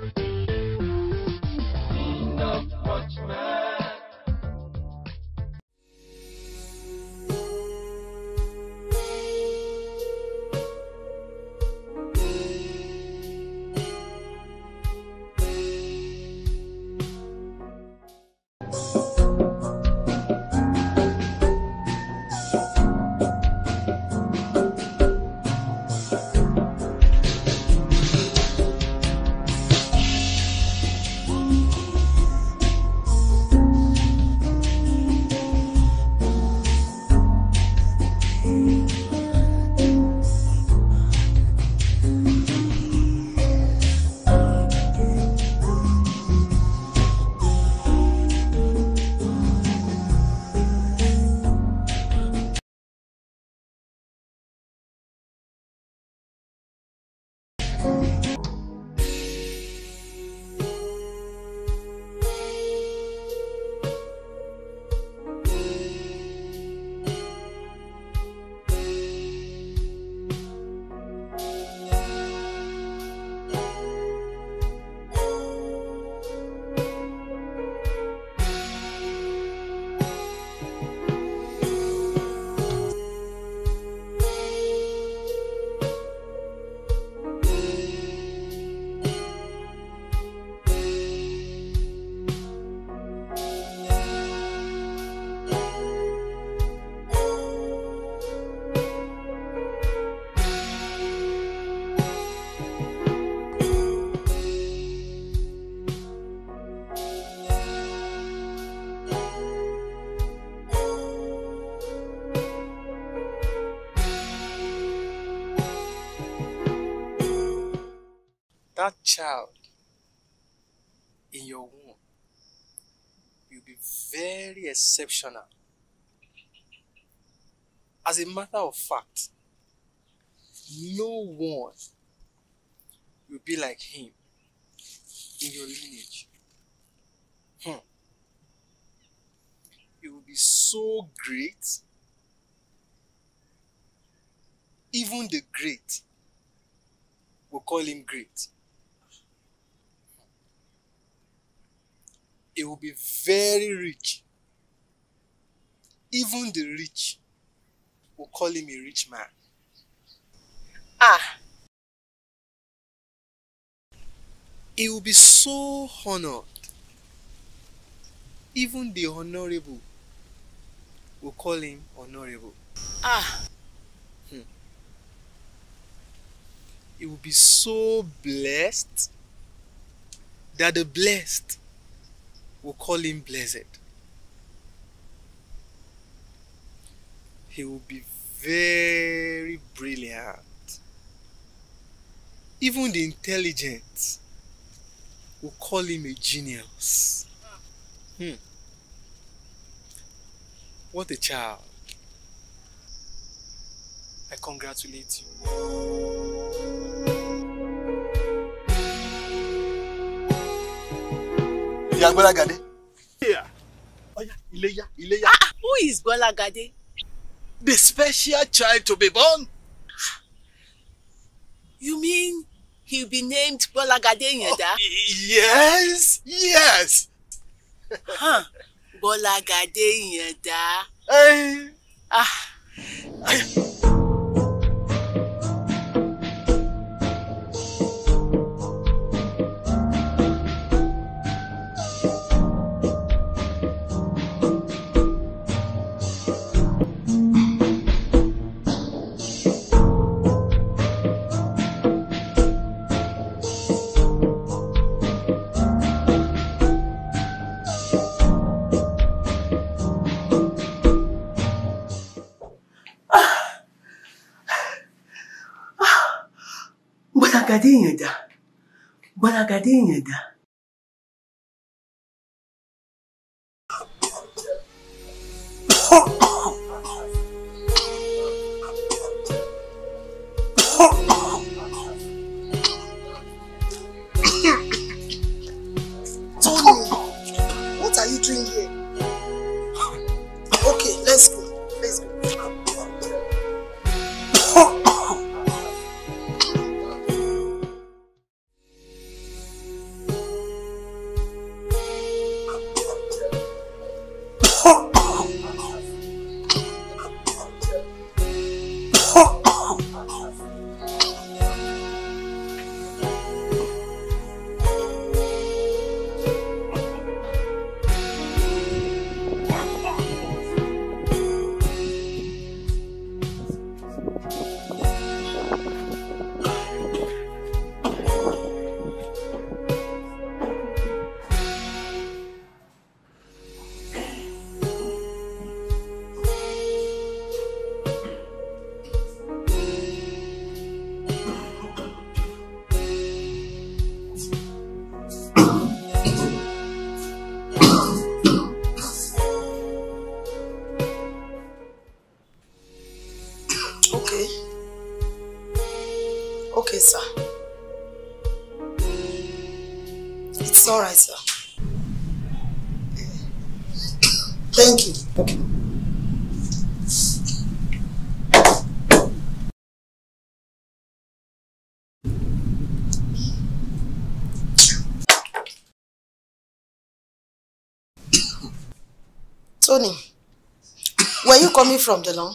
Thank you. child in your womb will be very exceptional. As a matter of fact, no one will be like him in your lineage. Hmm. will be so great, even the great will call him great. It will be very rich. Even the rich will call him a rich man. Ah! He will be so honored. Even the honorable will call him honorable. Ah! Hmm. He will be so blessed that the blessed will call him blessed. He will be very brilliant. Even the intelligent will call him a genius. Hmm. What a child. I congratulate you. ìyá gbọ́lágadé. ọ̀yá iléyá ah who is gbọ́lágadé. the special child to be born. you mean he'll be named gbọ́lágadé ìyànjá. Oh, yes yes. huh. gbọ́lágadé Hey. Eh. ah. Gadin da, Bana gadin da. alright sir. It's alright sir. Thank you. Okay. Tony, where you coming from, Delon?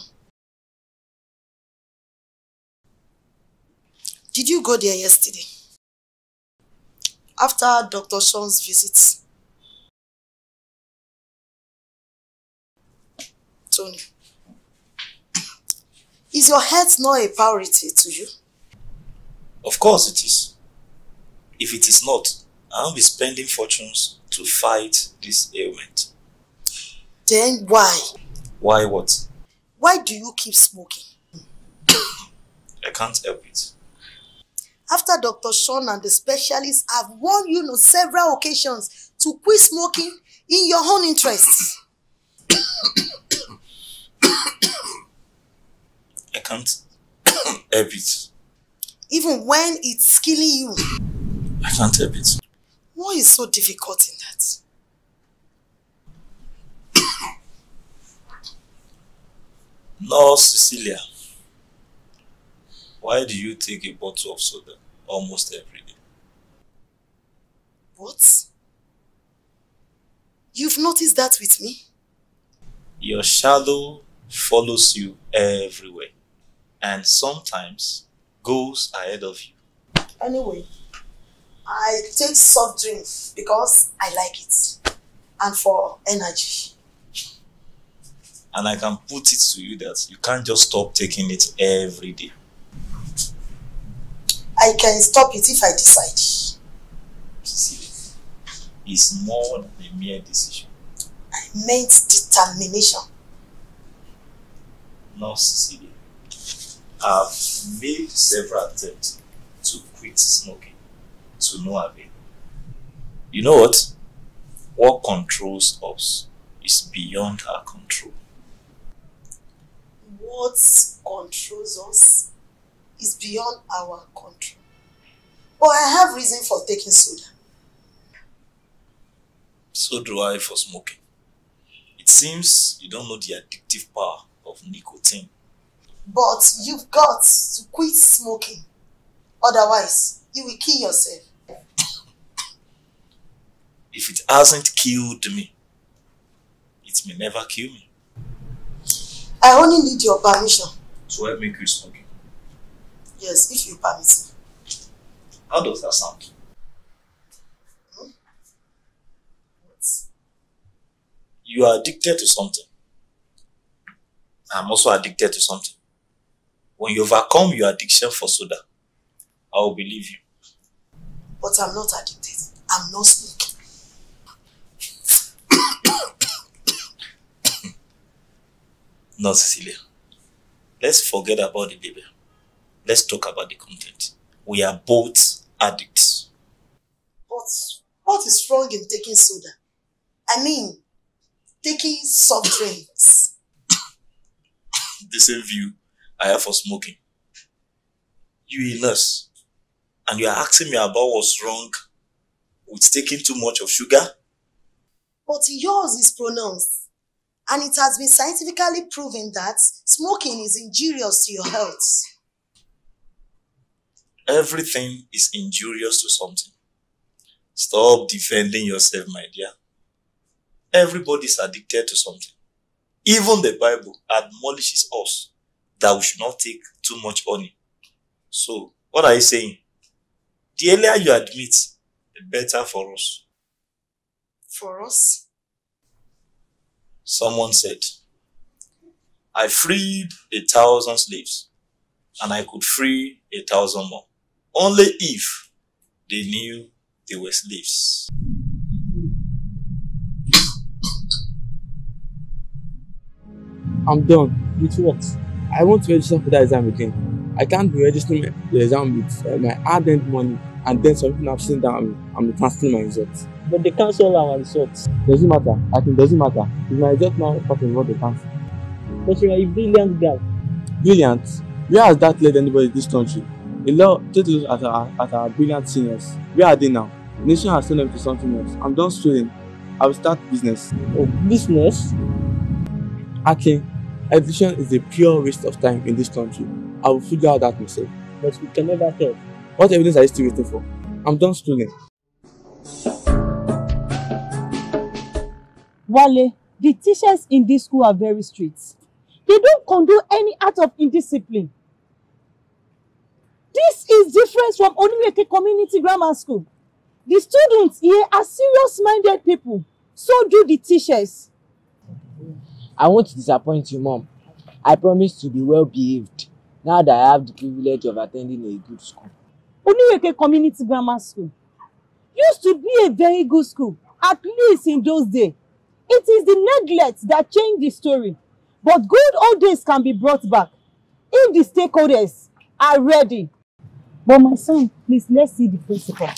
go there yesterday after Dr. Sean's visit. Tony, is your health not a priority to you? Of course it is. If it is not, I'll be spending fortunes to fight this ailment. Then why? Why what? Why do you keep smoking? I can't help it after Dr. Sean and the specialists have warned you on several occasions to quit smoking in your own interest. I can't help it. Even when it's killing you. I can't help it. What is so difficult in that? No, Cecilia. Why do you take a bottle of soda almost every day? What? You've noticed that with me? Your shadow follows you everywhere and sometimes goes ahead of you. Anyway, I take soft drinks because I like it and for energy. And I can put it to you that you can't just stop taking it every day. I can stop it if I decide. See, it's more than a mere decision. I meant determination. No, Cecilia. I've made several attempts to quit smoking to no avail. You know what? What controls us is beyond our control. What controls us is beyond our control. But I have reason for taking soda. So do I for smoking. It seems you don't know the addictive power of nicotine. But you've got to quit smoking. Otherwise, you will kill yourself. if it hasn't killed me, it may never kill me. I only need your permission. To so help me quit smoking. Yes, if you permit me. How does that sound? Hmm? You are addicted to something. I'm also addicted to something. When you overcome your addiction for soda, I will believe you. But I'm not addicted. I'm not sneaky. no, Cecilia. Let's forget about the baby. Let's talk about the content. We are both addicts. But what is wrong in taking soda? I mean, taking soft drinks. the same view I have for smoking. You a nurse, and you are asking me about what's wrong with taking too much of sugar? But yours is pronounced, and it has been scientifically proven that smoking is injurious to your health. Everything is injurious to something. Stop defending yourself, my dear. Everybody is addicted to something. Even the Bible admonishes us that we should not take too much honey. So, what are you saying? The earlier you admit, the better for us. For us? Someone said, I freed a thousand slaves, and I could free a thousand more. only if they knew they were slaves. I'm done with what? I want to register for that exam again. I can't be registering the exam with uh, my hard-earned money and then something I've seen that I'm, I'm cancelling my results. But they cancel our results. Doesn't matter. I think doesn't matter. It's my result now part of what they cancel. But you're a brilliant guy. Brilliant? Where has that led anybody in this country? A lot those at our, at our brilliant seniors. Where are they now? Nation has sent them to something else. I'm done studying. I will start business. Oh, business? Okay. Education is a pure waste of time in this country. I will figure out that myself. But we can never help. What evidence are you still waiting for? I'm done studying. Wale, the teachers in this school are very strict. They don't condone any act of indiscipline. This is different from Oniweke Community Grammar School. The students here are serious-minded people. So do the teachers. I won't disappoint you, Mom. I promise to be well-behaved now that I have the privilege of attending a good school. Oniweke Community Grammar School used to be a very good school, at least in those days. It is the neglect that changed the story. But good old days can be brought back if the stakeholders are ready. But my son, please, let's see the principal.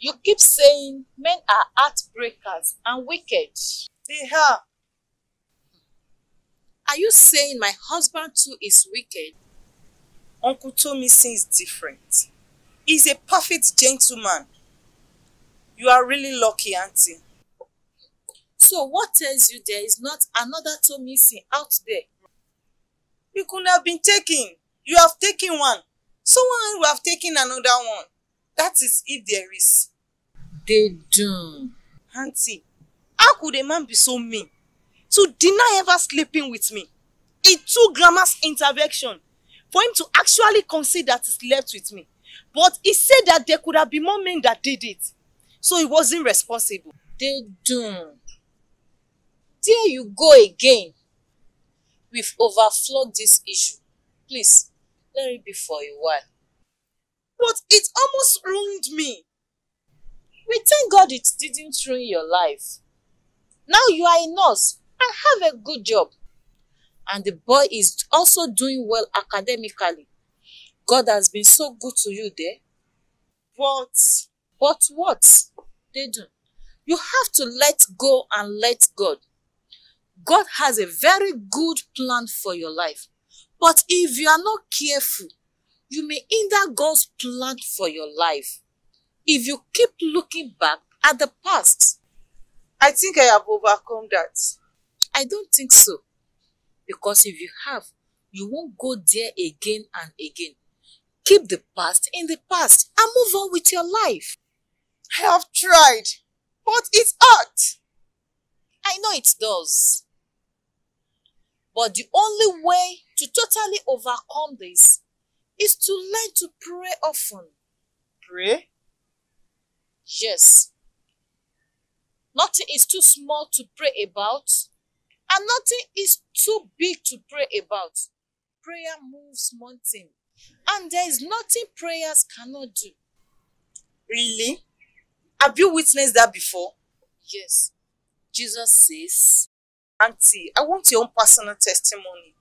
You keep saying men are heartbreakers and wicked. They are. Are you saying my husband too is wicked? Uncle Tommy seems different. He's a perfect gentleman. You are really lucky, Auntie. So what tells you there is not another Tomisi out there You could have been taking. You have taken one. Someone will have taken another one. That is if there is. They do. Auntie, how could a man be so mean? To deny ever sleeping with me. It took grandma's intervention for him to actually concede that he slept with me. But he said that there could have been more men that did it. So he wasn't responsible. They do. There you go again. We've overflowed this issue. Please, let it be for a while. But it almost ruined me. We thank God it didn't ruin your life. Now you are a nurse and have a good job. And the boy is also doing well academically. God has been so good to you there. But, but what? They do. You have to let go and let God. God has a very good plan for your life. But if you are not careful, you may hinder God's plan for your life. If you keep looking back at the past. I think I have overcome that. I don't think so. Because if you have, you won't go there again and again. Keep the past in the past and move on with your life. I have tried, but it's hard. I know it does. But the only way to totally overcome this is to learn to pray often. Pray? Yes. Nothing is too small to pray about, and nothing is too big to pray about. Prayer moves mountains, and there is nothing prayers cannot do. Really? Have you witnessed that before? Yes. Jesus says, Auntie, I want your own personal testimony.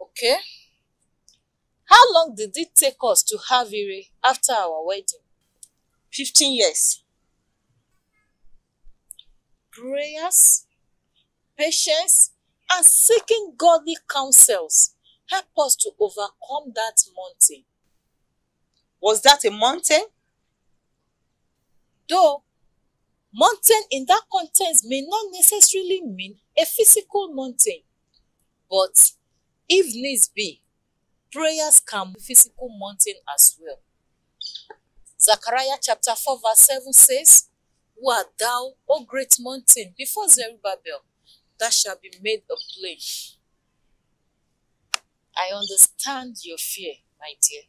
Okay? How long did it take us to have Ire after our wedding? 15 years. Prayers, patience, and seeking godly counsels help us to overcome that mountain. Was that a mountain? Though Mountain in that context may not necessarily mean a physical mountain, but if needs be, prayers can be physical mountain as well. Zechariah chapter 4 verse 7 says, Who art thou, O great mountain, before Zerubbabel, that shall be made a plain. I understand your fear, my dear.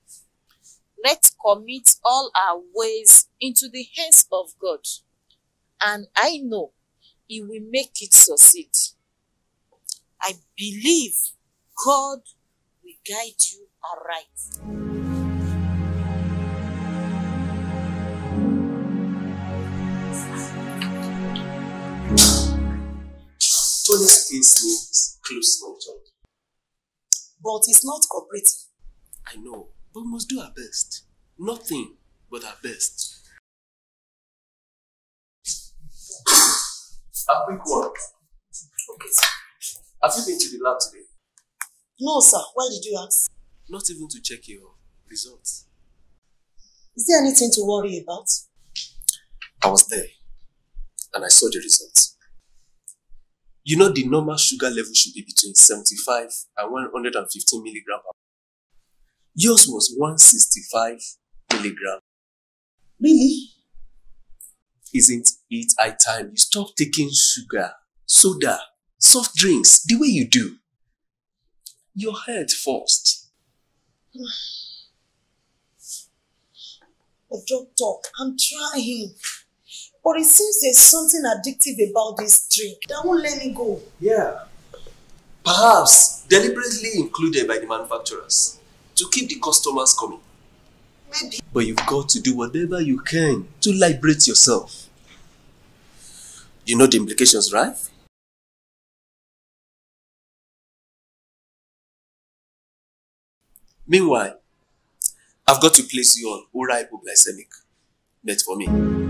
Let's commit all our ways into the hands of God and I know He will make it succeed. I believe God will guide you aright. Tony's case needs close monitoring. But it's not cooperative. I know, but we must do our best. Nothing but our best. A quick one. Okay, sir. Have you been to the lab today? No, sir. Why did you ask? Not even to check your results. Is there anything to worry about? I was there and I saw the results. You know the normal sugar level should be between 75 and 115 milligram Yours was 165 milligram. Really? Isn't It's high time you stop taking sugar, soda, soft drinks the way you do. Your head first. But doctor, I'm trying. But it seems there's something addictive about this drink that won't let me go. Yeah. Perhaps deliberately included by the manufacturers to keep the customers coming. Maybe. But you've got to do whatever you can to liberate yourself. You know the implications, right? Meanwhile, I've got to place you on oral hypoglycemic me.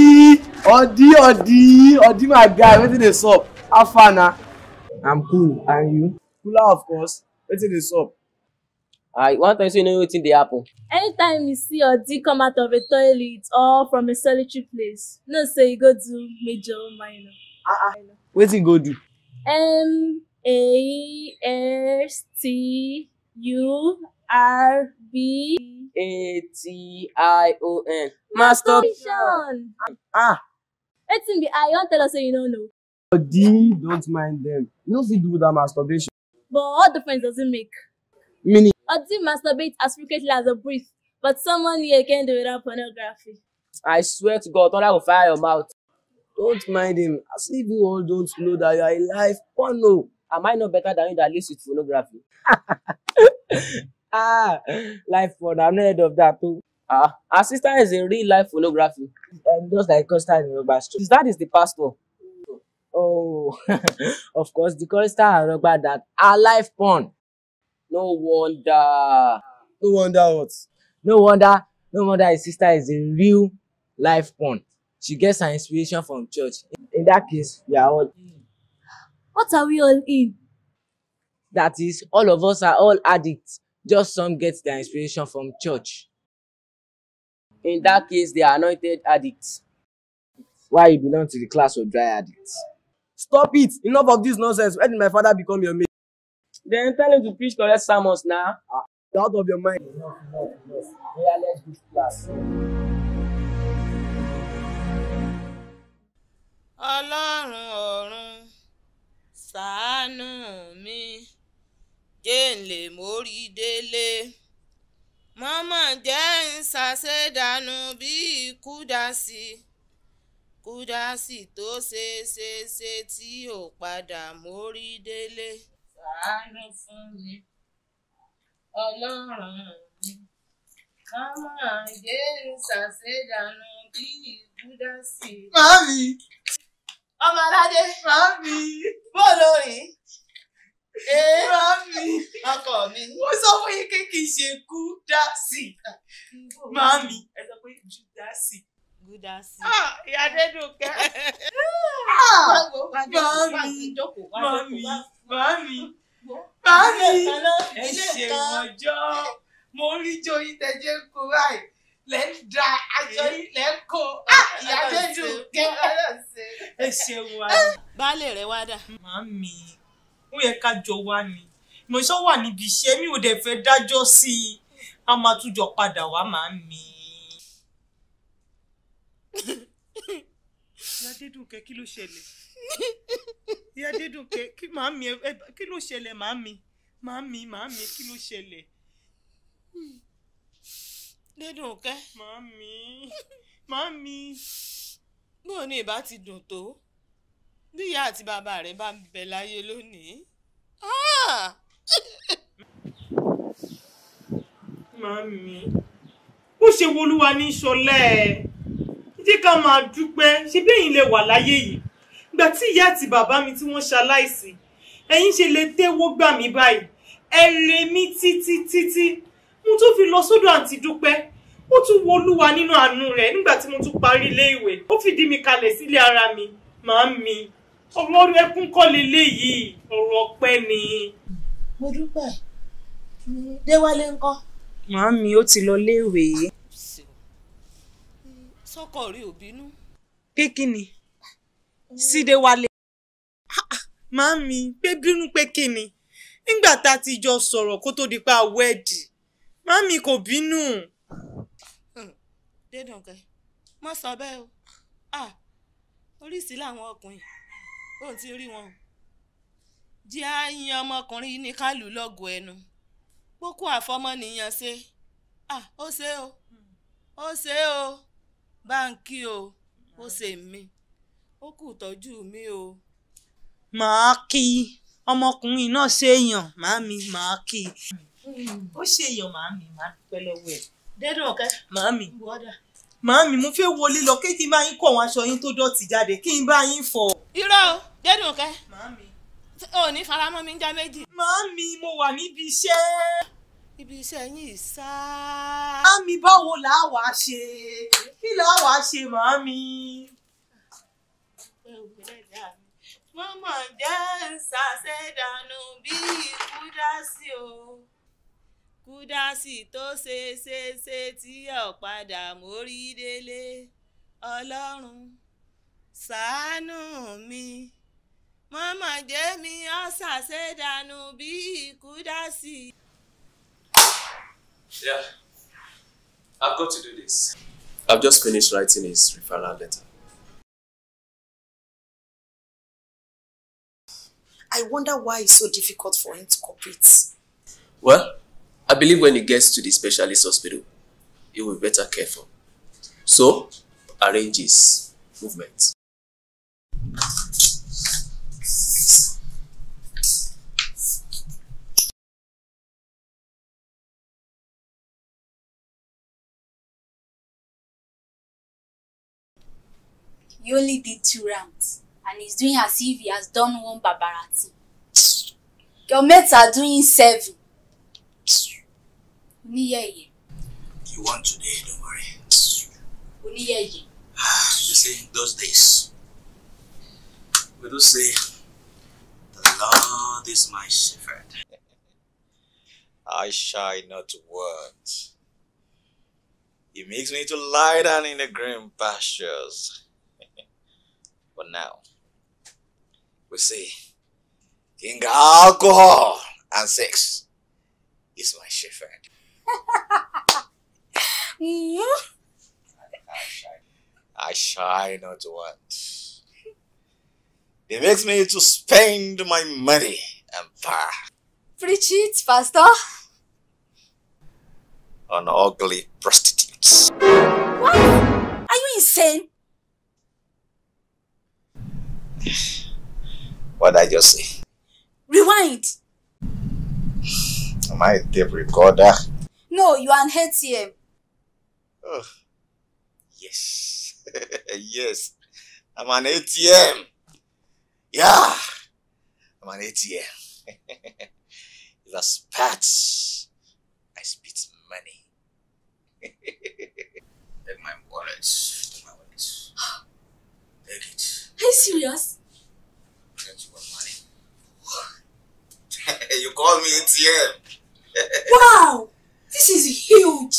Odi! Odi, Odi, Odi, my guy, wetin dey sup? How far na? I'm cool, and you? Cooler, of course. Wetin dey sup? I want to say you know wetin dey happen. Anytime you see Odi come out of a toilet or from a solitary place, know say you go do major minor. Ah ah. What's he go do? M A S T U R B A T I O N. Masturbation. Ah. ah wetin be i don tell us say you no know. body don't mind them you no fit do that masturbation. but what difference does it make. meaning. odi masturbate as frequently as a breeze, but someone here can do without pornography. i swear to god thunder go fire your mouth. don't mind him as if you all don't know that you are alive porno. am i not better than you that lives with pornography. ah life porn i no heard of that too. Uh, ah, sister is a real life photography. And um, just like Costa Yorugba His dad That is the pastor. Oh, of course, the Costa Yorugba that are life porn. No wonder. No wonder what? No wonder. No wonder his sister is a real life porn. She gets her inspiration from church. In that case, we are all in. What are we all in? That is, all of us are all addicts. Just some get their inspiration from church. In that case, they are anointed addicts. Why you belong to the class of dry addicts? Stop it! Enough of this nonsense. When did my father become your mate? Then tell him to preach correct sermons now. Ah, out of your mind. Enough, enough, enough. Yeah, let's go to class. Ọlọ́run ọ̀run ṣàánú mi, jẹ́ n lè mórí délé mọ́mọ́ jẹ́ ń ṣàṣedànù bí kúdàsí kúdàsí tó ṣe ṣe ṣe tí ò padà mórí délé. ṣàánú fún mi ọlọ́run mi mọ́mọ́ jẹ́ ń ṣàṣedànù bí kúdàsí. màámi. ọmọ aládé. màámi. bó o lórí. Mami. Eh? ọkọ mi. mo sọ fún yín kéèké ṣe gúdásì mami ẹ sọ pé júdásì. gúdásì. Ah, ìyá dédùnkẹ́. mami mami mami mami ẹ ṣe mọjọ mo rí joyin tẹjẹ kó báyìí lẹ ń da aṣọ yìí lẹ ń kó ah, ìyá dédùnkẹ́. ẹ ṣeun wa. baálé rẹ wá dà. mami ó yẹ ká jọ wá ni ìmọ̀ṣọ́ wà níbi iṣẹ́ mi ò dẹ̀ fẹ́ dájọ́ sí i a máa tún jọ padà wá màá mi. Ìyádédùnkẹ́ kí ló ṣẹlẹ̀? Ìyádédùnkẹ́ kí màá mi kí ló ṣẹlẹ̀ màá mi màá mi màá mi kí ló ṣẹlẹ̀? Dédùnkẹ́. Màá mi màá mi. Bóò ni ìbá ti dùn tó? bí ìyá àti bàbá rẹ bá ń bẹ láyé lónìí. màmí ó ṣe wolúwa ní sọlẹ jíjẹ ká máa dúpẹ́ ṣe bẹyìn lè wà láyé yìí ìgbà tí ìyá àti bàbá mi tí wọ́n ṣaláìsí ẹ̀yin ṣe lè tẹ́wọ́ gbà mí báyìí ẹ rè mí títí títí mo tún fi lọ sọ́dọ̀ àǹtí dúpẹ́ ó tún wo nínú àánú rẹ̀ nígbà tí mo tún parí ilé ìwé ó fìdí mi kalẹ̀ sílé ara mi màá ọ̀rọ̀ ẹkún kọ́ leléyìí ọ̀rọ̀ ọpẹ́ ni. mo dúpẹ́ déwálé ńkọ́. màámi ó ti lọ léèwé. sọkọ rí òbínú. pé kí ni sídéwálé. màámi pé bínú pé kí ni nígbà tá a ti jọ sọ̀rọ̀ kó tó di pa wẹ́ẹ̀dì màámi kò bínú. dédùn kẹ́ mọ́ sọ bẹ́ẹ̀ o ah, oríṣìí làwọn ọkùnrin òun ti rí wọn. jẹ́ àyìn ọmọkùnrin ní kálù lọ́gọ̀ ẹnu pókó àfọmọ́nìyàn ṣe ó ṣe o ó ṣe o báńkì o ó ṣe mí ó kù tọ́jú mi o. màá kí ọmọkùnrin náà ṣèyàn màámi màá kí i ó ṣèyàn màámi màá dúpẹ́ lọ́wọ́ ẹ̀. dẹ́dùn ọ̀kẹ́. màámi. wọ́dà màámi mo fẹ́ wọlé lọ kí kí n bá yín kó àwọn aṣọ yín tó dọ̀tí jáde kí n bá yín fọ. irọ́ jẹ́dùn kẹ́. màámi. o ní faramọ́ mi ń já méjì. màámi mo wà níbi iṣẹ́. ibi iṣẹ́ yín sá. màámi báwo là á wàá ṣe kí là á wàá ṣe màámi. mọ́mọ́ jẹ́ ń ṣàṣẹ̀dànù bí ikú dá sí o kúdásì tó ṣe tí ọ̀padà mórí délé ọlọ́run ṣàánú mi mọ́mọ́ jẹ́ mi ọ̀sà ṣe dànù bí kúdásì. Yeah, I've got to do this. I've just finished writing his referral letter. I wonder why it's so difficult for him to cooperate. Well, I believe when he gets to the specialist hospital, he will be better cared for. So, arrange his movement. He only did two rounds and he's doing as if he has done one barbarity. Your mates are doing seven. You want today, don't worry. Oníyẹ̀yẹ̀. Ah, you see, those days, we do say, the Lord is my shepherd. I shall not want. He makes me to lie down in the green pastures. but now, we say, King Alcohol and Sex is my shepherd. I shy not want. It makes me to spend my money and far. Preach it, Pastor. On ugly prostitutes. What? Are you insane? What did I just say? Rewind. Am I a tape recorder? No, you are an ATM. Oh, yes. yes. I'm an ATM. Yeah. I'm an ATM. if I I spit money. Take my wallet. Take my wallet. Take it. Are you serious? Don't you want money? you call me ATM. wow! this is huge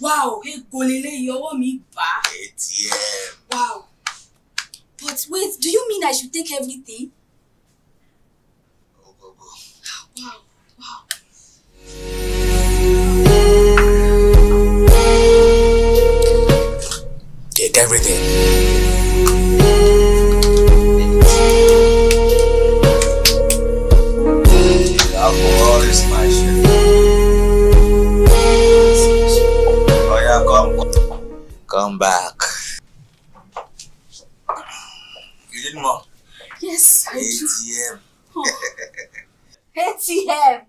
wow ego lélẹ́yìí ọwọ́ mi bá wow but wait do you mean I should take everything. wow wow. Take everything. Welcome back. You need more? Yes, I ATM. Oh. ATM. I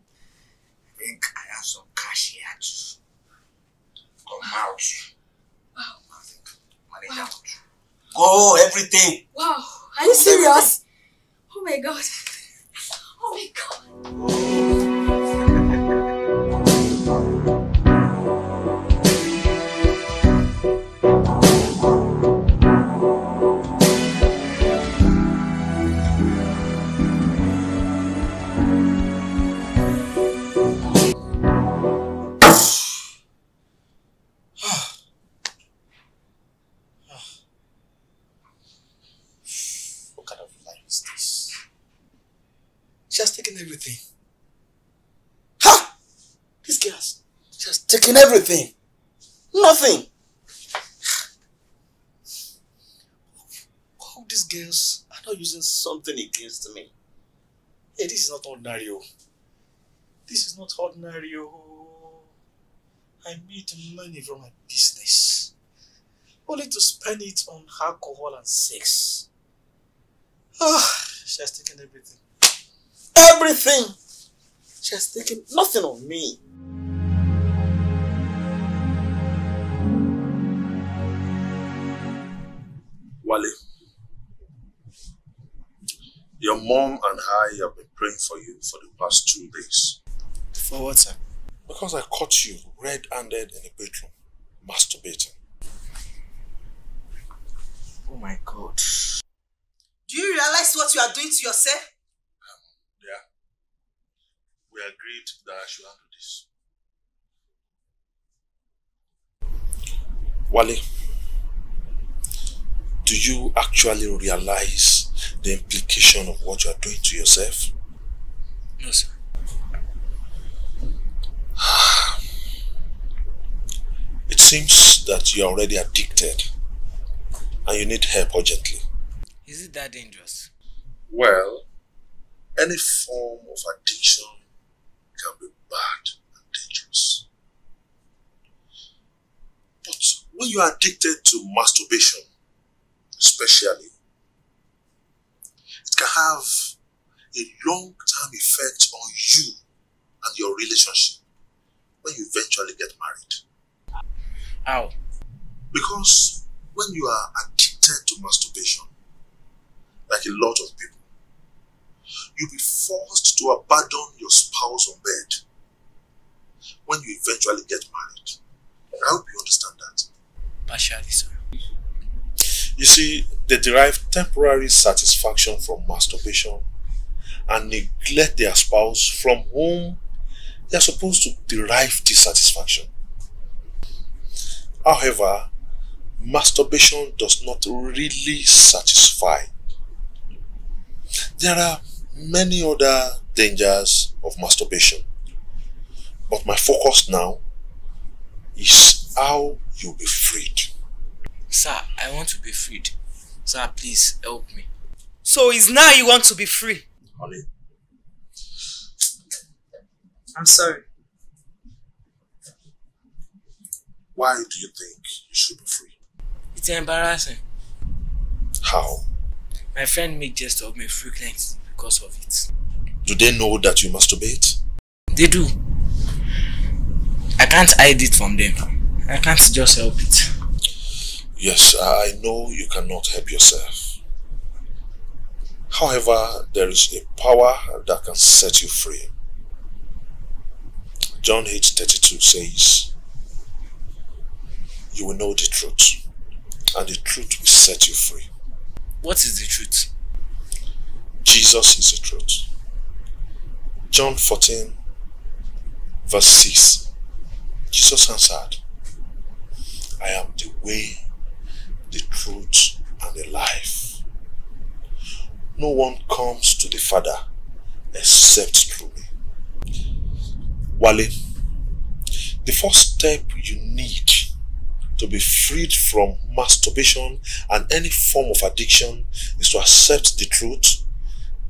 think I have some cash here to come out. Wow. I think manage wow. out. Go, everything. Wow. Are you serious? Everything. Oh my god. Oh my god. Whoa. everything nothing. All these girls are not using something against me. Hey, this is not ordinary. Oh. This is not ordinary. Oh. I made money from my business only to spend it on alcohol and sex. Oh, she has taken everything. Everything! She has taken nothing of me. Wale. Your mom and I have been praying for you for the past two days. For what, sir? Because I caught you red-handed in the bedroom, masturbating. Oh my God. Do you realize what you are doing to yourself? Um, yeah. We agreed that I should handle this. Wale do you actually realize the implication of what you are doing to yourself? No, sir. It seems that you are already addicted and you need help urgently. Is it that dangerous? Well, any form of addiction can be bad and dangerous. But when you are addicted to masturbation, especially. It can have a long-term effect on you and your relationship when you eventually get married. How? Because when you are addicted to masturbation, like a lot of people, you'll be forced to abandon your spouse on bed when you eventually get married. I hope you understand that. Partially, sir. You see, they derive temporary satisfaction from masturbation and neglect their spouse from whom they are supposed to derive dissatisfaction. However, masturbation does not really satisfy. There are many other dangers of masturbation, but my focus now is how you'll be freed. Sir, I want to be freed. Sir, please help me. So it's now you want to be free? Holly. I'm sorry. Why do you think you should be free? It's embarrassing. How? My friend made just of me frequent because of it. Do they know that you masturbate? They do. I can't hide it from them. I can't just help it. Yes, I know you cannot help yourself. However, there is a power that can set you free. John 8 32 says, You will know the truth, and the truth will set you free. What is the truth? Jesus is the truth. John 14, verse 6 Jesus answered, I am the way the truth, and the life. No one comes to the Father except through me. Wale, the first step you need to be freed from masturbation and any form of addiction is to accept the truth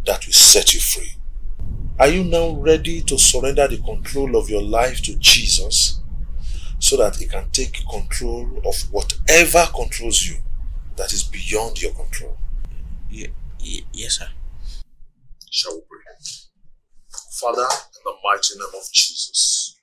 that will set you free. Are you now ready to surrender the control of your life to Jesus? so that it can take control of whatever controls you that is beyond your control. Y yes, sir. Shall we pray? Father, in the mighty name of Jesus.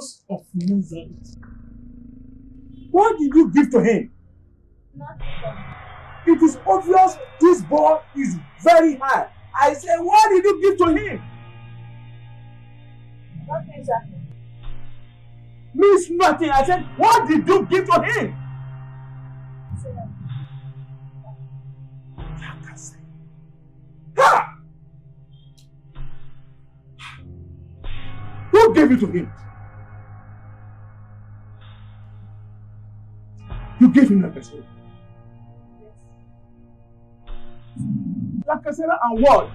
source of movement. What did you give to him? Nothing. It is obvious this ball is very high. I said, what did you give to him? Nothing, sir. Means nothing. I said, what did you give to him? Sir. Who gave it to him? You gave him Lacazette. Lacazette and what?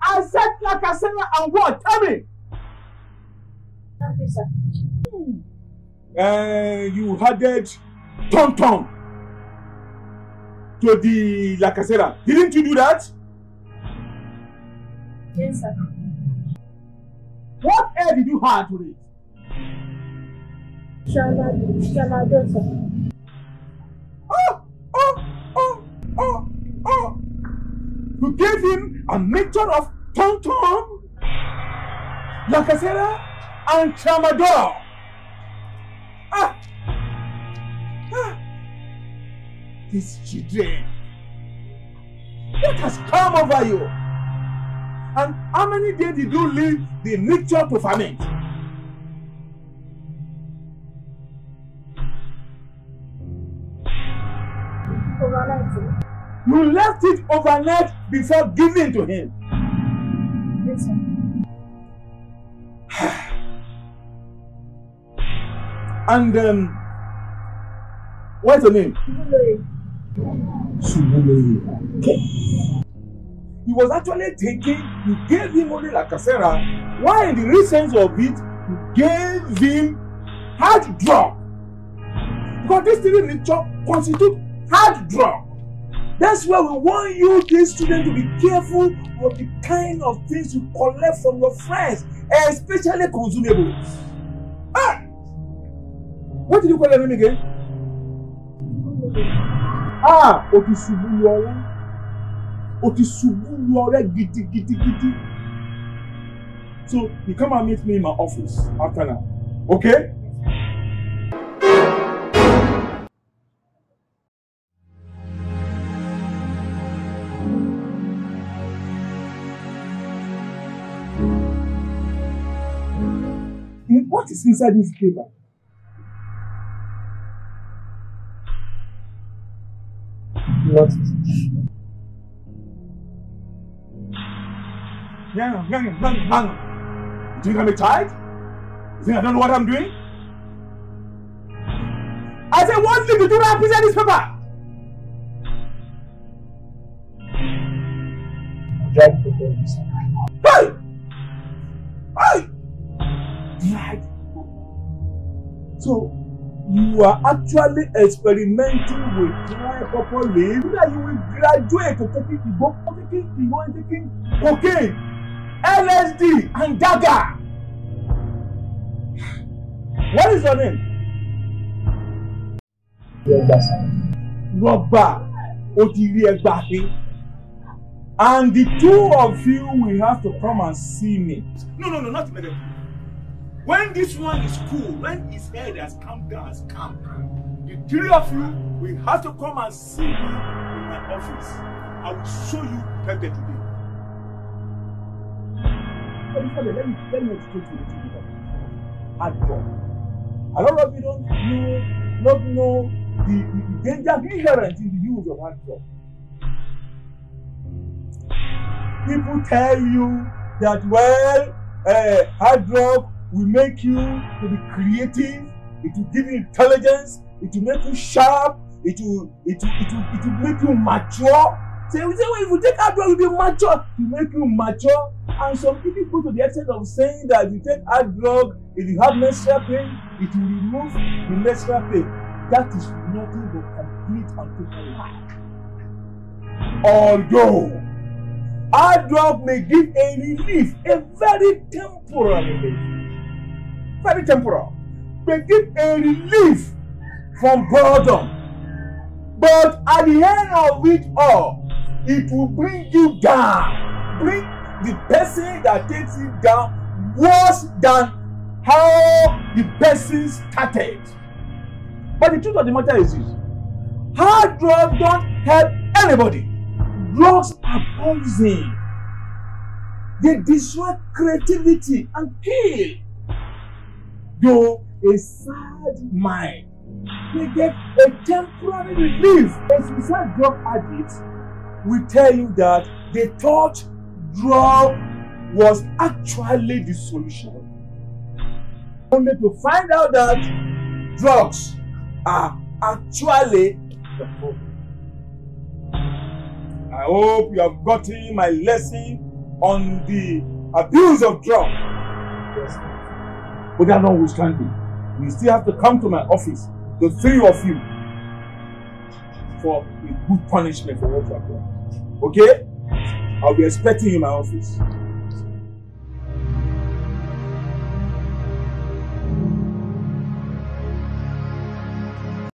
I said Lacazette and what? Tell me. Thank you, sir. Uh, eh, you added Tom Tom to the Lacazette. Didn't you do that? Yes, sir. What air did you add to it? Drama, drama daughter. Oh, oh, oh, oh, oh. You gave him a mixture of Tom Tom, La Casera, and Tramadol. Ah. Ah. These children. What has come over you? And how many days did you leave the mixture to ferment? You left it overnight before giving to him. Yes, sir. And um, what's her name? Okay. He was actually thinking you gave him only like a Sarah. Why in the reasons of it, you gave him hard drug? Because this thing in nature constitutes hard drug. That's why we want you, these students, to be careful with the kind of things you collect from your friends, especially consumables. Ah! What did you call your again? Ah! Otisubu ti Otisubu lu giti, giti, giti. So, you come and meet me in my office after now. Okay? What is inside this paper? What is it? Yang, yang, yang, yang. You think I'm tired? You think I don't know what I'm doing? I said one thing you do not present this paper. Drag the police. So you are actually experimenting with dry purple leaf that you will graduate to taking igbo taking igbo and taking cocaine LSD and daga. What is your name? Robert. Odiri Egbafi. And the two of you will have to come and see me. No, no, no, not immediately. When this one is cool, when his head has come down, has come, the three of you will have to come and see me in my office. I will show you perfect today. Let me, let me explain to you a little A lot of you don't know, not know the, the, the danger inherent in the use of hand job. People tell you that well, uh, hard rock will make you to be creative it will give you intelligence it will make you sharp it will it will it will, it will make you mature say so say well if you take advil you be mature to make you mature and some people go to the extent of saying that if you take advil if you have menstrual pain it will remove the menstrual pain that is nothing but complete and total lie although advil may give a relief a very temporary relief very temporal. They give a relief from boredom. But at the end of it all, it will bring you down. Bring the person that takes you down worse than how the person started. But the truth of the matter is this. Hard drugs don't help anybody. Drugs are poison. They destroy creativity and kill. though a sad mind they get a temporary relief. A suicide drug addict will tell you that the thought drug was actually the solution. Only to find out that drugs are actually the problem. I hope you have gotten my lesson on the abuse of drugs. Yes. But that notwithstanding, you still have to come to my office, the three of you, for a good punishment for what you have done. Okay? I'll be expecting you in my office.